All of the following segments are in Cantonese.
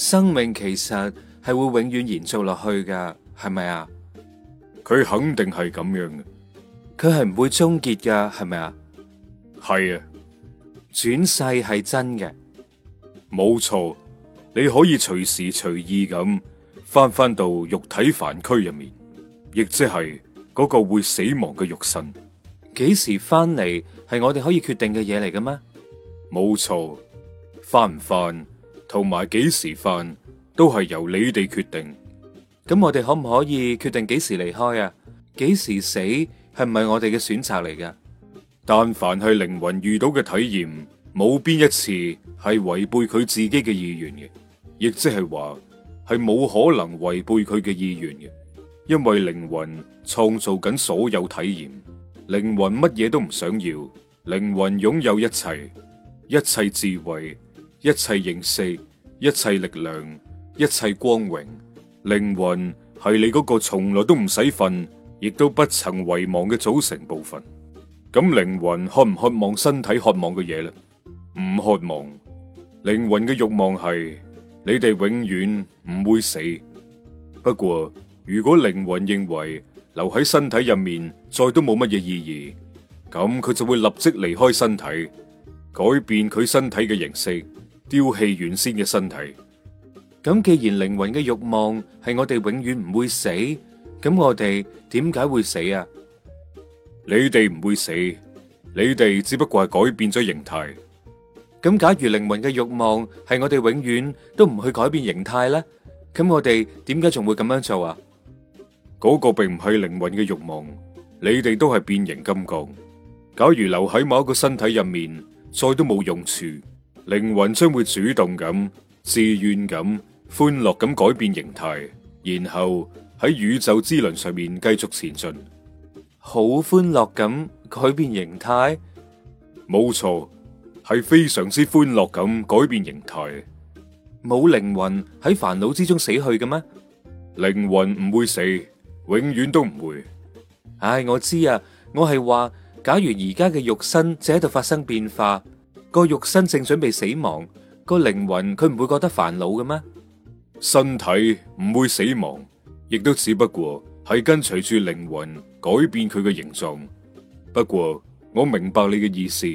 生命其實係會永遠延續落去噶，係咪啊？佢肯定係咁樣嘅，佢係唔會終結噶，係咪啊？係啊，轉世係真嘅，冇錯。你可以隨時隨意咁翻翻到肉體凡軀入面，亦即係嗰個會死亡嘅肉身。幾時翻嚟係我哋可以決定嘅嘢嚟嘅咩？冇錯，翻唔翻？同埋幾時翻都係由你哋決定。咁我哋可唔可以決定幾時離開啊？幾時死係唔係我哋嘅選擇嚟噶？但凡係靈魂遇到嘅體驗，冇邊一次係違背佢自己嘅意願嘅，亦即係話係冇可能違背佢嘅意願嘅，因為靈魂創造緊所有體驗，靈魂乜嘢都唔想要，靈魂擁有一切，一切智慧。一切形式、一切力量、一切光榮，靈魂係你嗰個從來都唔使瞓，亦都不曾遺忘嘅組成部分。咁靈魂渴唔渴望身體渴望嘅嘢呢？唔渴望。靈魂嘅欲望係你哋永遠唔會死。不過如果靈魂認為留喺身體入面再都冇乜嘢意義，咁佢就會立即離開身體，改變佢身體嘅形式。丟棄原先嘅身體，咁既然靈魂嘅欲望係我哋永遠唔會死，咁我哋點解會死啊？你哋唔會死，你哋只不過係改變咗形態。咁假如靈魂嘅欲望係我哋永遠都唔去改變形態咧，咁我哋點解仲會咁樣做啊？嗰個並唔係靈魂嘅欲望，你哋都係變形金剛。假如留喺某一個身體入面，再都冇用處。靈魂將會主動咁、自願咁、歡樂咁改變形態，然後喺宇宙之輪上面繼續前進。好歡樂咁改變形態？冇錯，係非常之歡樂咁改變形態。冇靈魂喺煩惱之中死去嘅咩？靈魂唔會死，永遠都唔會。唉，我知啊，我係話，假如而家嘅肉身就喺度發生變化。個肉身正準備死亡，個靈魂佢唔會覺得煩惱嘅咩？身體唔會死亡，亦都只不過係跟隨住靈魂改變佢嘅形狀。不過我明白你嘅意思，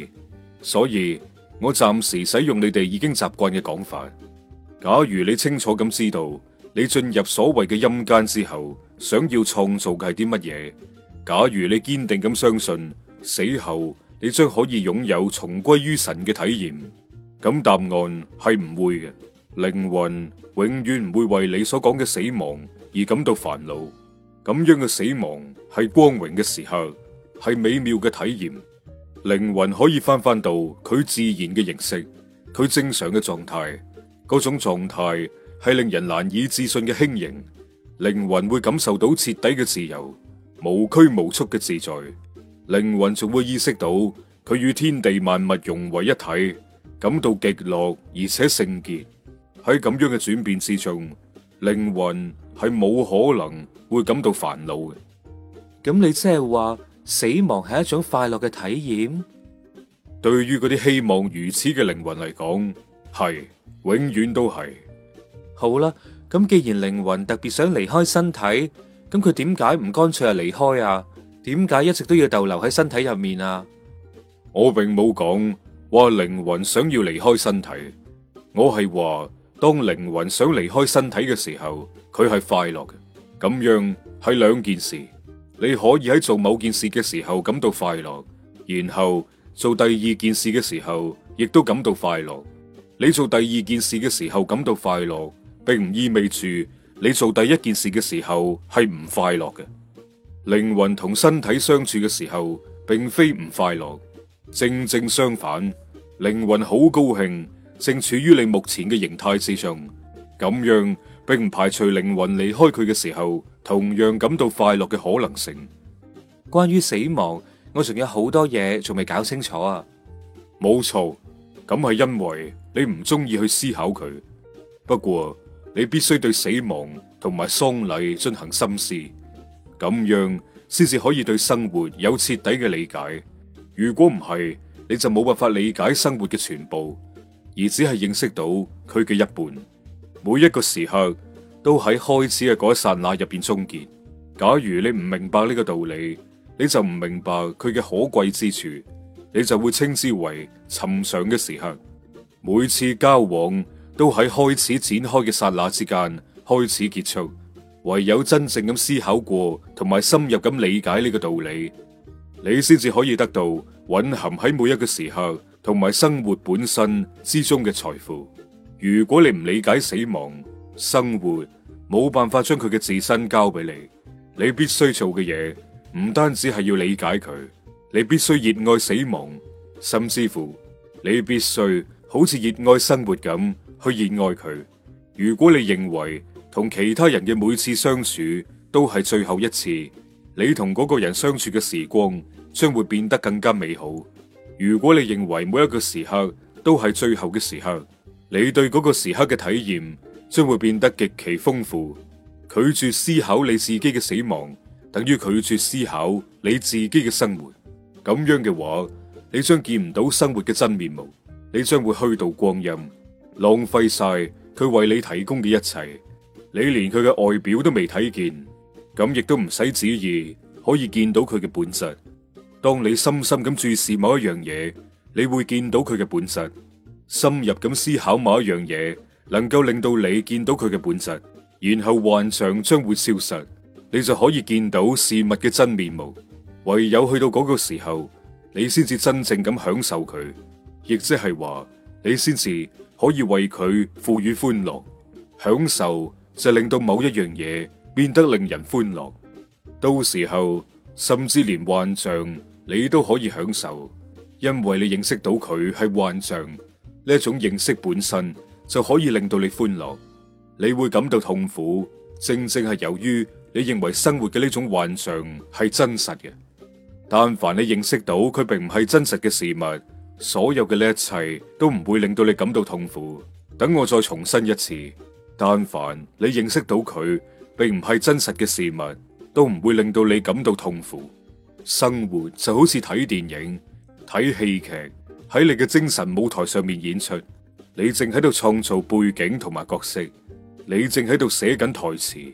所以我暫時使用你哋已經習慣嘅講法。假如你清楚咁知道你進入所謂嘅陰間之後，想要創造嘅係啲乜嘢？假如你堅定咁相信死後。你將可以擁有重歸於神嘅體驗，咁答案係唔會嘅。靈魂永遠唔會為你所講嘅死亡而感到煩惱。咁樣嘅死亡係光榮嘅時刻，係美妙嘅體驗。靈魂可以翻翻到佢自然嘅形式，佢正常嘅狀態。嗰種狀態係令人難以置信嘅輕盈。靈魂會感受到徹底嘅自由，無拘無束嘅自在。靈魂仲會意識到佢與天地萬物融為一體，感到極樂而且聖潔。喺咁樣嘅轉變之中，靈魂係冇可能會感到煩惱嘅。咁你即係話死亡係一種快樂嘅體驗？對於嗰啲希望如此嘅靈魂嚟講，係永遠都係。好啦，咁既然靈魂特別想離開身體，咁佢點解唔乾脆係離開啊？點解一直都要逗留喺身體入面啊？我並冇講話靈魂想要離開身體，我係話當靈魂想離開身體嘅時候，佢係快樂嘅。咁樣係兩件事。你可以喺做某件事嘅時候感到快樂，然後做第二件事嘅時候亦都感到快樂。你做第二件事嘅時候感到快樂，並唔意味住你做第一件事嘅時候係唔快樂嘅。靈魂同身體相處嘅時候，並非唔快樂，正正相反，靈魂好高興，正處於你目前嘅形態之上。咁樣並唔排除靈魂離開佢嘅時候，同樣感到快樂嘅可能性。關於死亡，我仲有好多嘢仲未搞清楚啊！冇錯，咁係因為你唔中意去思考佢。不過你必須對死亡同埋喪禮進行深思。咁樣先至可以對生活有徹底嘅理解。如果唔係，你就冇辦法理解生活嘅全部，而只係認識到佢嘅一半。每一個時刻都喺開始嘅嗰一剎那入邊終結。假如你唔明白呢個道理，你就唔明白佢嘅可貴之處，你就會稱之為尋常嘅時刻。每次交往都喺開始展開嘅剎那之間開始結束。唯有真正咁思考過，同埋深入咁理解呢個道理，你先至可以得到蘊含喺每一個時刻同埋生活本身之中嘅財富。如果你唔理解死亡，生活冇辦法將佢嘅自身交俾你。你必須做嘅嘢唔單止係要理解佢，你必須熱愛死亡，甚至乎你必須好似熱愛生活咁去熱愛佢。如果你認為，同其他人嘅每次相處都係最後一次，你同嗰個人相處嘅時光將會變得更加美好。如果你認為每一個時刻都係最後嘅時刻，你對嗰個時刻嘅體驗將會變得極其豐富。拒絕思考你自己嘅死亡，等於拒絕思考你自己嘅生活。咁樣嘅話，你將見唔到生活嘅真面目，你將會虛度光陰，浪費晒佢為你提供嘅一切。你連佢嘅外表都未睇見，咁亦都唔使旨意可以見到佢嘅本質。當你深深咁注視某一樣嘢，你會見到佢嘅本質。深入咁思考某一樣嘢，能夠令到你見到佢嘅本質，然後幻象將會消失，你就可以見到事物嘅真面目。唯有去到嗰個時候，你先至真正咁享受佢，亦即係話你先至可以為佢賦予歡樂，享受。就令到某一樣嘢變得令人歡樂，到時候甚至連幻象你都可以享受，因為你認識到佢係幻象。呢種認識本身就可以令到你歡樂。你會感到痛苦，正正係由於你認為生活嘅呢種幻象係真實嘅。但凡你認識到佢並唔係真實嘅事物，所有嘅呢一切都唔會令到你感到痛苦。等我再重申一次。但凡你認識到佢並唔係真實嘅事物，都唔會令到你感到痛苦。生活就好似睇電影、睇戲劇，喺你嘅精神舞台上面演出，你正喺度創造背景同埋角色，你正喺度寫緊台詞。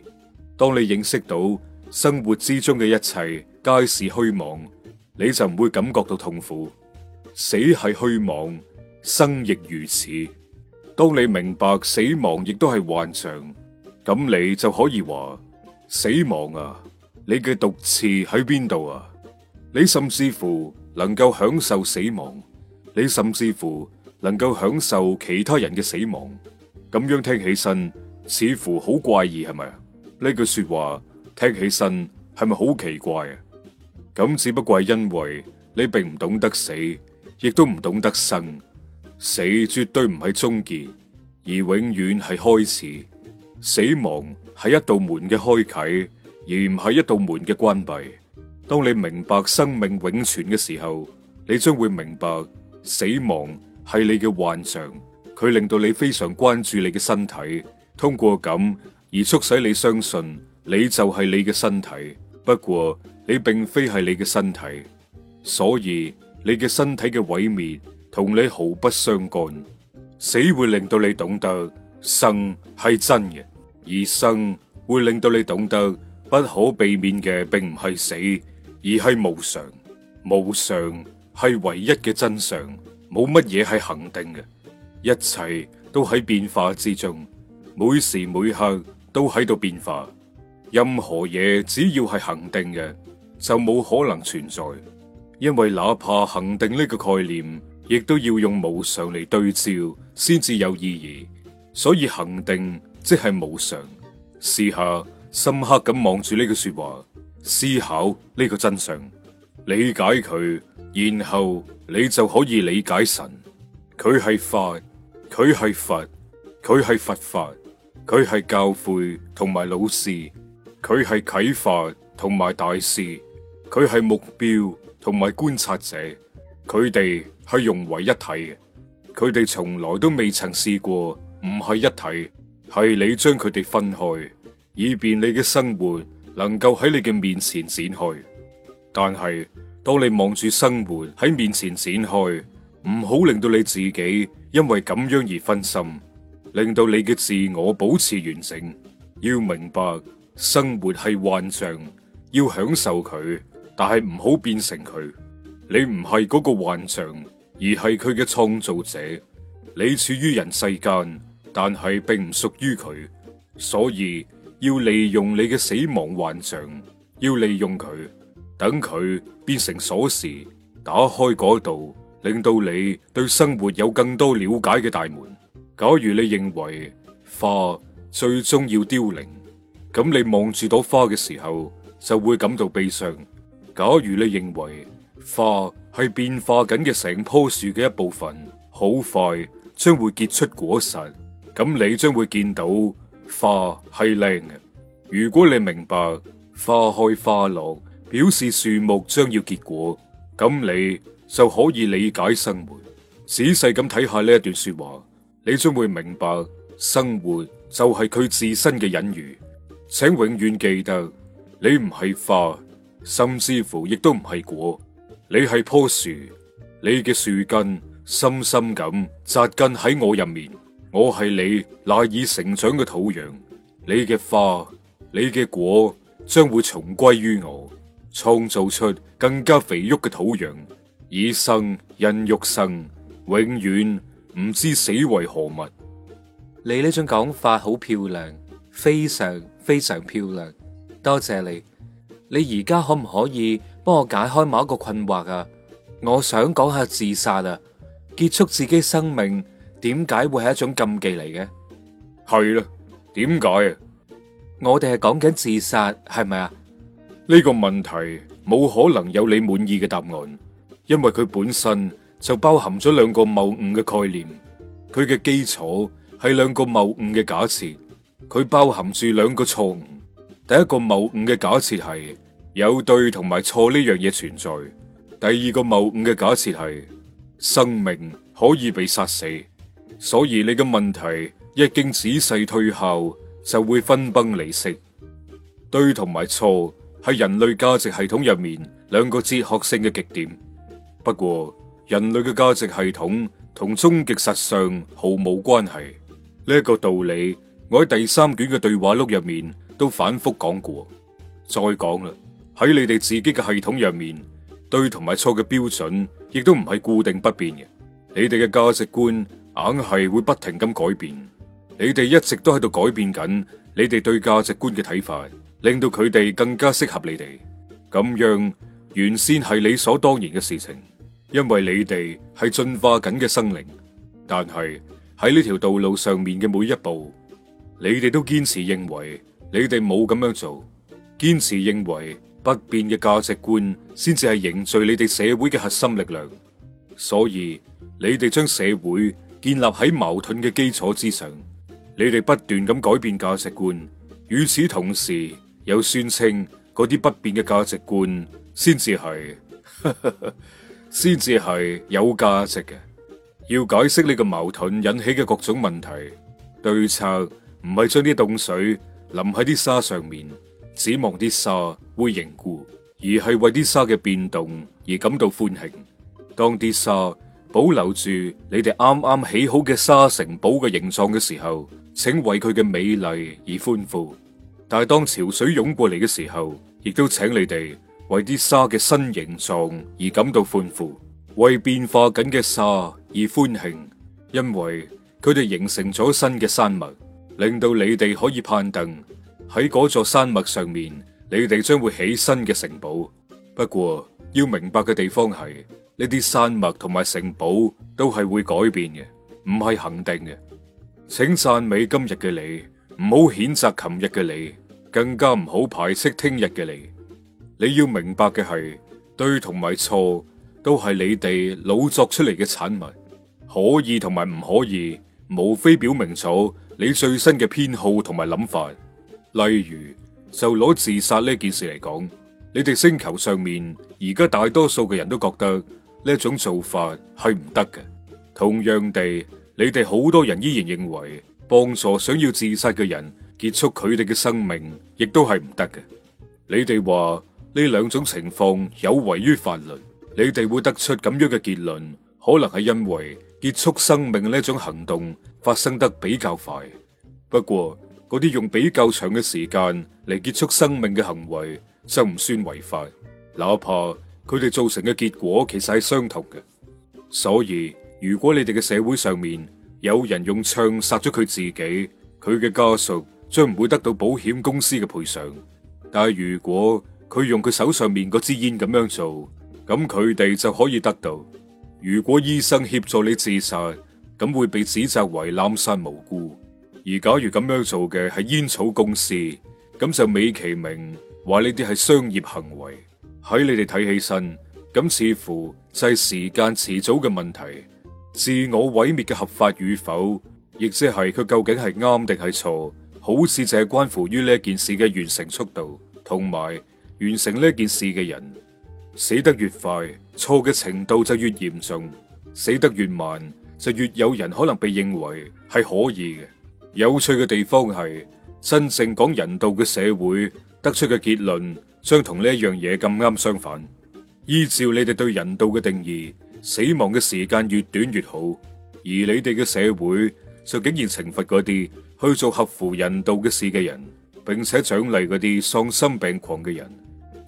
當你認識到生活之中嘅一切皆是虛妄，你就唔會感覺到痛苦。死係虛妄，生亦如此。當你明白死亡亦都係幻象，咁你就可以話，死亡啊，你嘅毒刺喺邊度啊？你甚至乎能夠享受死亡，你甚至乎能夠享受其他人嘅死亡，咁樣聽起身似乎好怪異，係咪？呢句說話聽起身係咪好奇怪啊？咁只不過係因為你並唔懂得死，亦都唔懂得生。死絕對唔係終結，而永遠係開始。死亡係一道門嘅開啟，而唔係一道門嘅關閉。當你明白生命永存嘅時候，你將會明白死亡係你嘅幻象，佢令到你非常關注你嘅身體，通過咁而促使你相信你就係你嘅身體。不過你並非係你嘅身體，所以你嘅身體嘅毀滅。同你毫不相干，死會令到你懂得生係真嘅，而生會令到你懂得不可避免嘅並唔係死，而係無常。無常係唯一嘅真相，冇乜嘢係恒定嘅，一切都喺變化之中，每時每刻都喺度變化。任何嘢只要係恒定嘅，就冇可能存在，因為哪怕恒定呢個概念。亦都要用無常嚟對照，先至有意義。所以恒定即係無常。試下深刻咁望住呢句說話，思考呢個真相，理解佢，然後你就可以理解神。佢係法，佢係佛，佢係佛法，佢係教誨同埋老師，佢係啟發同埋大師，佢係目標同埋觀察者，佢哋。係融為一體嘅，佢哋從來都未曾試過唔係一體，係你將佢哋分開，以便你嘅生活能夠喺你嘅面前展開。但係當你望住生活喺面前展開，唔好令到你自己因為咁樣而分心，令到你嘅自我保持完整。要明白生活係幻象，要享受佢，但係唔好變成佢。你唔係嗰個幻象。而係佢嘅創造者，你處於人世間，但係並唔屬於佢，所以要利用你嘅死亡幻象，要利用佢，等佢變成鎖匙，打開嗰度，令到你對生活有更多了解嘅大門。假如你認為花最終要凋零，咁你望住朵花嘅時候，就會感到悲傷。假如你認為花，係變化緊嘅成棵樹嘅一部分，好快將會結出果實。咁你將會見到花係靚嘅。如果你明白花開花落表示樹木將要結果，咁你就可以理解生活。仔細咁睇下呢一段說話，你將會明白生活就係佢自身嘅隱喻。請永遠記得，你唔係花，甚至乎亦都唔係果。你係棵樹，你嘅樹根深深咁扎根喺我入面，我係你賴以成長嘅土壤。你嘅花，你嘅果，將會重歸於我，創造出更加肥沃嘅土壤。以生孕育生，永遠唔知死為何物。你呢種講法好漂亮，非常非常漂亮，多謝你。你而家可唔可以幫我解開某一個困惑啊？我想講下自殺啊，結束自己生命，點解會係一種禁忌嚟嘅？係啦，點解啊？我哋係講緊自殺，係咪啊？呢個問題冇可能有你滿意嘅答案，因為佢本身就包含咗兩個謬誤嘅概念。佢嘅基礎係兩個謬誤嘅假設，佢包含住兩個錯誤。第一個謬誤嘅假設係有對同埋錯呢樣嘢存在。第二個謬誤嘅假設係生命可以被殺死，所以你嘅問題一經仔細推敲就會分崩離析。對同埋錯係人類價值系統入面兩個哲學性嘅極點。不過人類嘅價值系統同終極實相毫無關係。呢個道理，我喺第三卷嘅對話錄入面。都反覆講過，再講啦。喺你哋自己嘅系統入面，對同埋錯嘅標準，亦都唔係固定不變嘅。你哋嘅價值觀硬係會不停咁改變。你哋一直都喺度改變緊，你哋對價值觀嘅睇法，令到佢哋更加適合你哋。咁樣原先係理所當然嘅事情，因為你哋係進化緊嘅生靈。但係喺呢條道路上面嘅每一步，你哋都堅持認為。你哋冇咁樣做，堅持認為不變嘅價值觀先至係凝聚你哋社會嘅核心力量，所以你哋將社會建立喺矛盾嘅基礎之上，你哋不斷咁改變價值觀，與此同時又宣稱嗰啲不變嘅價值觀先至係先至係有價值嘅。要解釋呢個矛盾引起嘅各種問題對策，唔係將啲凍水。淋喺啲沙上面，指望啲沙會凝固，而係為啲沙嘅變動而感到歡慶。當啲沙保留住你哋啱啱起好嘅沙城堡嘅形狀嘅時候，請為佢嘅美麗而歡呼。但係當潮水湧過嚟嘅時候，亦都請你哋為啲沙嘅新形狀而感到歡呼，為變化緊嘅沙而歡慶，因為佢哋形成咗新嘅山脈。令到你哋可以攀登喺嗰座山脈上面，你哋將會起身嘅城堡。不過要明白嘅地方係呢啲山脈同埋城堡都係會改變嘅，唔係肯定嘅。請讚美今日嘅你，唔好譴責琴日嘅你，更加唔好排斥聽日嘅你。你要明白嘅係對同埋錯都係你哋老作出嚟嘅產物，可以同埋唔可以，無非表明咗。你最新嘅偏好同埋諗法，例如就攞自殺呢件事嚟講，你哋星球上面而家大多數嘅人都覺得呢種做法係唔得嘅。同樣地，你哋好多人依然認為幫助想要自殺嘅人結束佢哋嘅生命，亦都係唔得嘅。你哋話呢兩種情況有違於法律，你哋會得出咁樣嘅結論，可能係因為。結束生命呢一種行動發生得比較快，不過嗰啲用比較長嘅時間嚟結束生命嘅行為就唔算違法，哪怕佢哋造成嘅結果其實係相同嘅。所以如果你哋嘅社會上面有人用槍殺咗佢自己，佢嘅家屬將唔會得到保險公司嘅賠償，但係如果佢用佢手上面嗰支煙咁樣做，咁佢哋就可以得到。如果醫生協助你自殺，咁會被指責為濫殺無辜；而假如咁樣做嘅係煙草公司，咁就美其名話呢啲係商業行為。喺你哋睇起身，咁似乎就係時間遲早嘅問題。自我毀滅嘅合法與否，亦即係佢究竟係啱定係錯，好似就係關乎於呢件事嘅完成速度，同埋完成呢件事嘅人。死得越快，錯嘅程度就越嚴重；死得越慢，就越有人可能被認為係可以嘅。 有趣嘅地方係，真正講人道嘅社會得出嘅結論，將同呢一樣嘢咁啱相反。依照你哋對人道嘅定義，死亡嘅時間越短越好，而你哋嘅社會就竟然懲罰嗰啲去做合乎人道嘅事嘅人，並且獎勵嗰啲喪心病狂嘅人。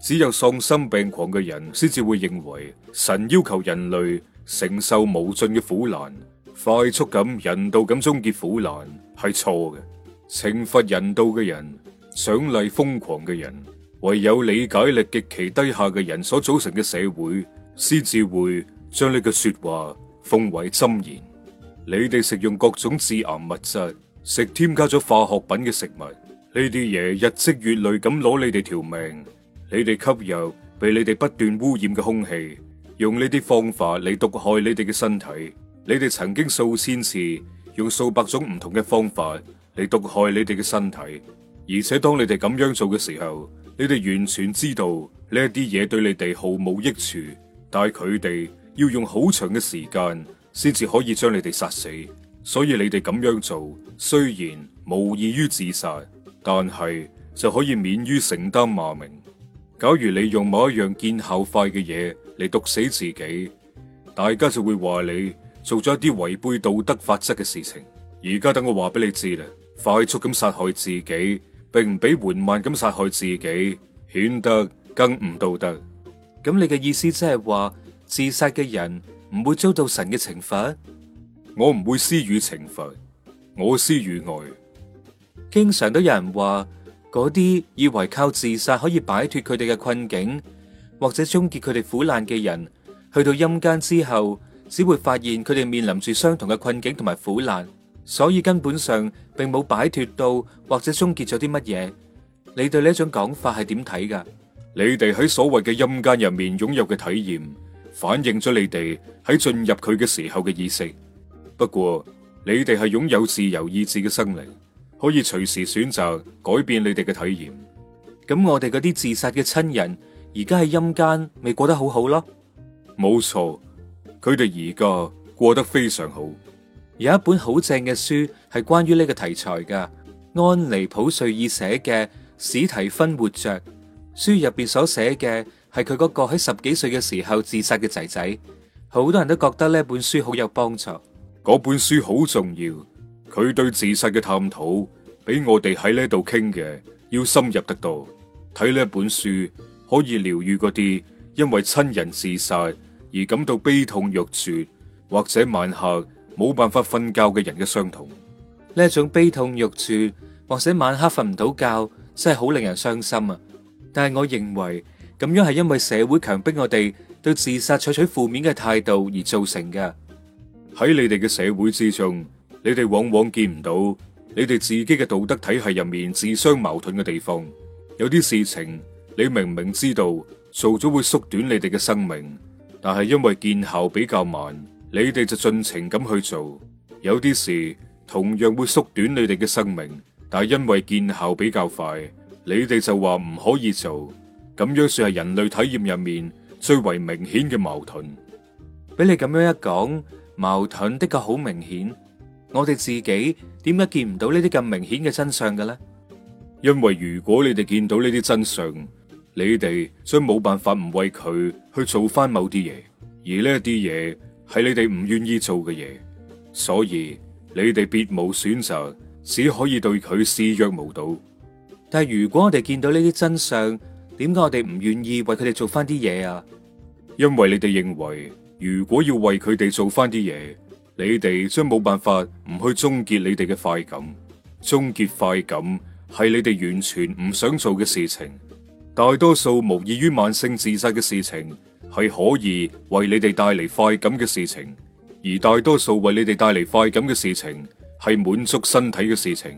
只有喪心病狂嘅人先至會認為神要求人類承受無盡嘅苦難，快速咁人道咁終結苦難係錯嘅。懲罰人道嘅人，獎勵瘋狂嘅人，唯有理解力極其低下嘅人所組成嘅社會，先至會將呢句說話奉為箴言。你哋食用各種致癌物質，食添加咗化學品嘅食物，呢啲嘢日積月累咁攞你哋條命。你哋吸入被你哋不斷污染嘅空氣，用呢啲方法嚟毒害你哋嘅身體。你哋曾經數千次用數百種唔同嘅方法嚟毒害你哋嘅身體，而且當你哋咁樣做嘅時候，你哋完全知道呢一啲嘢對你哋毫無益處。但係佢哋要用好長嘅時間先至可以將你哋殺死。所以你哋咁樣做雖然無異於自殺，但係就可以免於承擔罵名。假如你用某一樣見效快嘅嘢嚟毒死自己，大家就會話你做咗一啲違背道德法則嘅事情。而家等我話俾你知啦，快速咁殺害自己，並唔比緩慢咁殺害自己顯得更唔道德。咁你嘅意思即係話自殺嘅人唔會遭到神嘅懲，懲罰？我唔會施予懲罰，我施予愛。經常都有人話。嗰啲以為靠自殺可以擺脫佢哋嘅困境或者終結佢哋苦難嘅人，去到陰間之後，只會發現佢哋面臨住相同嘅困境同埋苦難，所以根本上並冇擺脫到或者終結咗啲乜嘢。你對呢種講法係點睇㗎？你哋喺所謂嘅陰間入面擁有嘅體驗，反映咗你哋喺進入佢嘅時候嘅意識。不過，你哋係擁有自由意志嘅生靈。可以隨時選擇改變你哋嘅體驗。咁我哋嗰啲自殺嘅親人而家喺陰間，咪過得好好咯？冇錯，佢哋而家過得非常好。有一本好正嘅書係關於呢個題材噶，安妮普瑞爾寫嘅《史提芬活着》。書入邊所寫嘅係佢嗰個喺十幾歲嘅時候自殺嘅仔仔。好多人都覺得呢本書好有幫助。嗰本書好重要。佢對自殺嘅探討，比我哋喺呢度傾嘅要深入得多。睇呢本書，可以療愈嗰啲因為親人自殺而感到悲痛欲絕，或者晚黑冇辦法瞓覺嘅人嘅傷痛。呢一種悲痛欲絕，或者晚黑瞓唔到覺，真係好令人傷心啊！但係我認為咁樣係因為社會強迫我哋對自殺採取負面嘅態度而造成嘅。喺你哋嘅社會之中。你哋往往見唔到你哋自己嘅道德體系入面自相矛盾嘅地方，有啲事情你明明知道做咗會縮短你哋嘅生命，但係因為見效比較慢，你哋就盡情咁去做；有啲事同樣會縮短你哋嘅生命，但係因為見效比較快，你哋就話唔可以做。咁樣算係人類體驗入面最為明顯嘅矛盾。俾你咁樣一講，矛盾的確好明顯。我哋自己點解見唔到呢啲咁明顯嘅真相嘅咧？因為如果你哋見到呢啲真相，你哋將冇辦法唔為佢去做翻某啲嘢，而呢一啲嘢係你哋唔願意做嘅嘢，所以你哋別無選擇，只可以對佢視若無睹。但係如果我哋見到呢啲真相，點解我哋唔願意為佢哋做翻啲嘢啊？因為你哋認為，如果要為佢哋做翻啲嘢。你哋將冇辦法唔去終結你哋嘅快感，終結快感係你哋完全唔想做嘅事情。大多數無異於慢性自殺嘅事情，係可以為你哋帶嚟快感嘅事情。而大多數為你哋帶嚟快感嘅事情，係滿足身體嘅事情。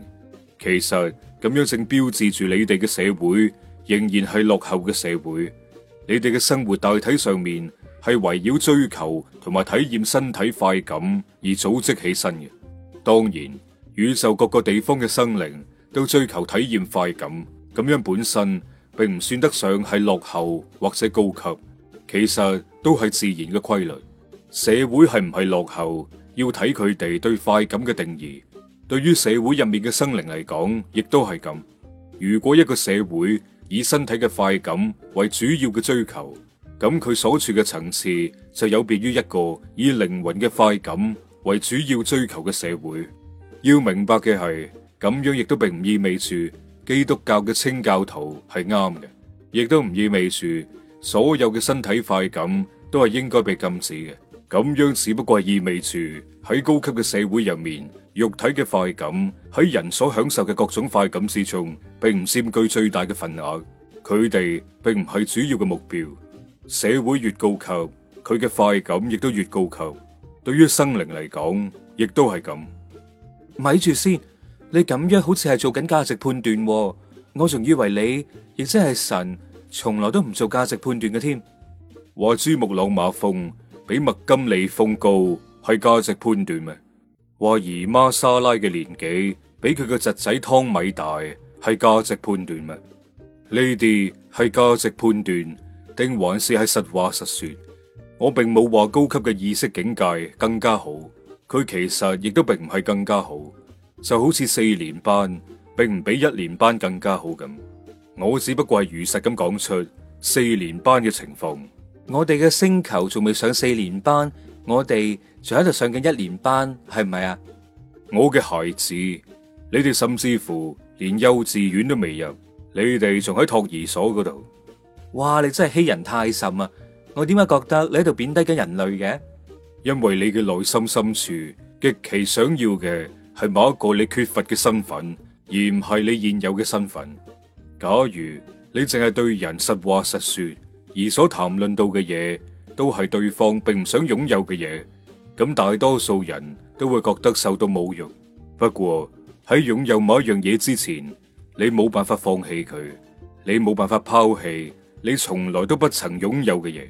其實咁樣正標誌住你哋嘅社會，仍然係落後嘅社會。你哋嘅生活大體上面。係圍繞追求同埋體驗身體快感而組織起身嘅。當然，宇宙各個地方嘅生靈都追求體驗快感，咁樣本身並唔算得上係落後或者高級，其實都係自然嘅規律。社會係唔係落後，要睇佢哋對快感嘅定義。對於社會入面嘅生靈嚟講，亦都係咁。如果一個社會以身體嘅快感為主要嘅追求，咁佢所處嘅層次就有別於一個以靈魂嘅快感為主要追求嘅社會。要明白嘅係咁樣，亦都並唔意味住基督教嘅清教徒係啱嘅，亦都唔意味住所有嘅身體快感都係應該被禁止嘅。咁樣只不過係意味住喺高級嘅社會入面，肉體嘅快感喺人所享受嘅各種快感之中，並唔佔據最大嘅份額。佢哋並唔係主要嘅目標。社會越高級，佢嘅快感亦都越高級。對於生靈嚟講，亦都係咁。咪住先，你咁樣好似係做緊價值判斷喎，我仲以為你亦即係神，從來都唔做價值判斷嘅添。話珠穆朗瑪峰比麥金里峰高，係價值判斷咩？話姨媽莎拉嘅年紀比佢嘅侄仔湯米大，係價值判斷咩？呢啲係價值判斷。定還是喺實話實說，我並冇話高級嘅意識境界更加好，佢其實亦都並唔係更加好，就好似四年班並唔比一年班更加好咁。我只不過係如實咁講出四年班嘅情況。我哋嘅星球仲未上四年班，我哋仲喺度上緊一年班，係咪啊？我嘅孩子，你哋甚至乎連幼稚園都未入，你哋仲喺托兒所嗰度。哇！你真係欺人太甚啊！我點解覺得你喺度貶低緊人類嘅？因為你嘅內心深處極其想要嘅係某一個你缺乏嘅身份，而唔係你現有嘅身份。假如你淨係對人實話實說，而所談論到嘅嘢都係對方並唔想擁有嘅嘢，咁大多數人都會覺得受到侮辱。不過，喺擁有某一樣嘢之前，你冇辦法放棄佢，你冇辦法拋棄你從來都不曾擁有嘅嘢。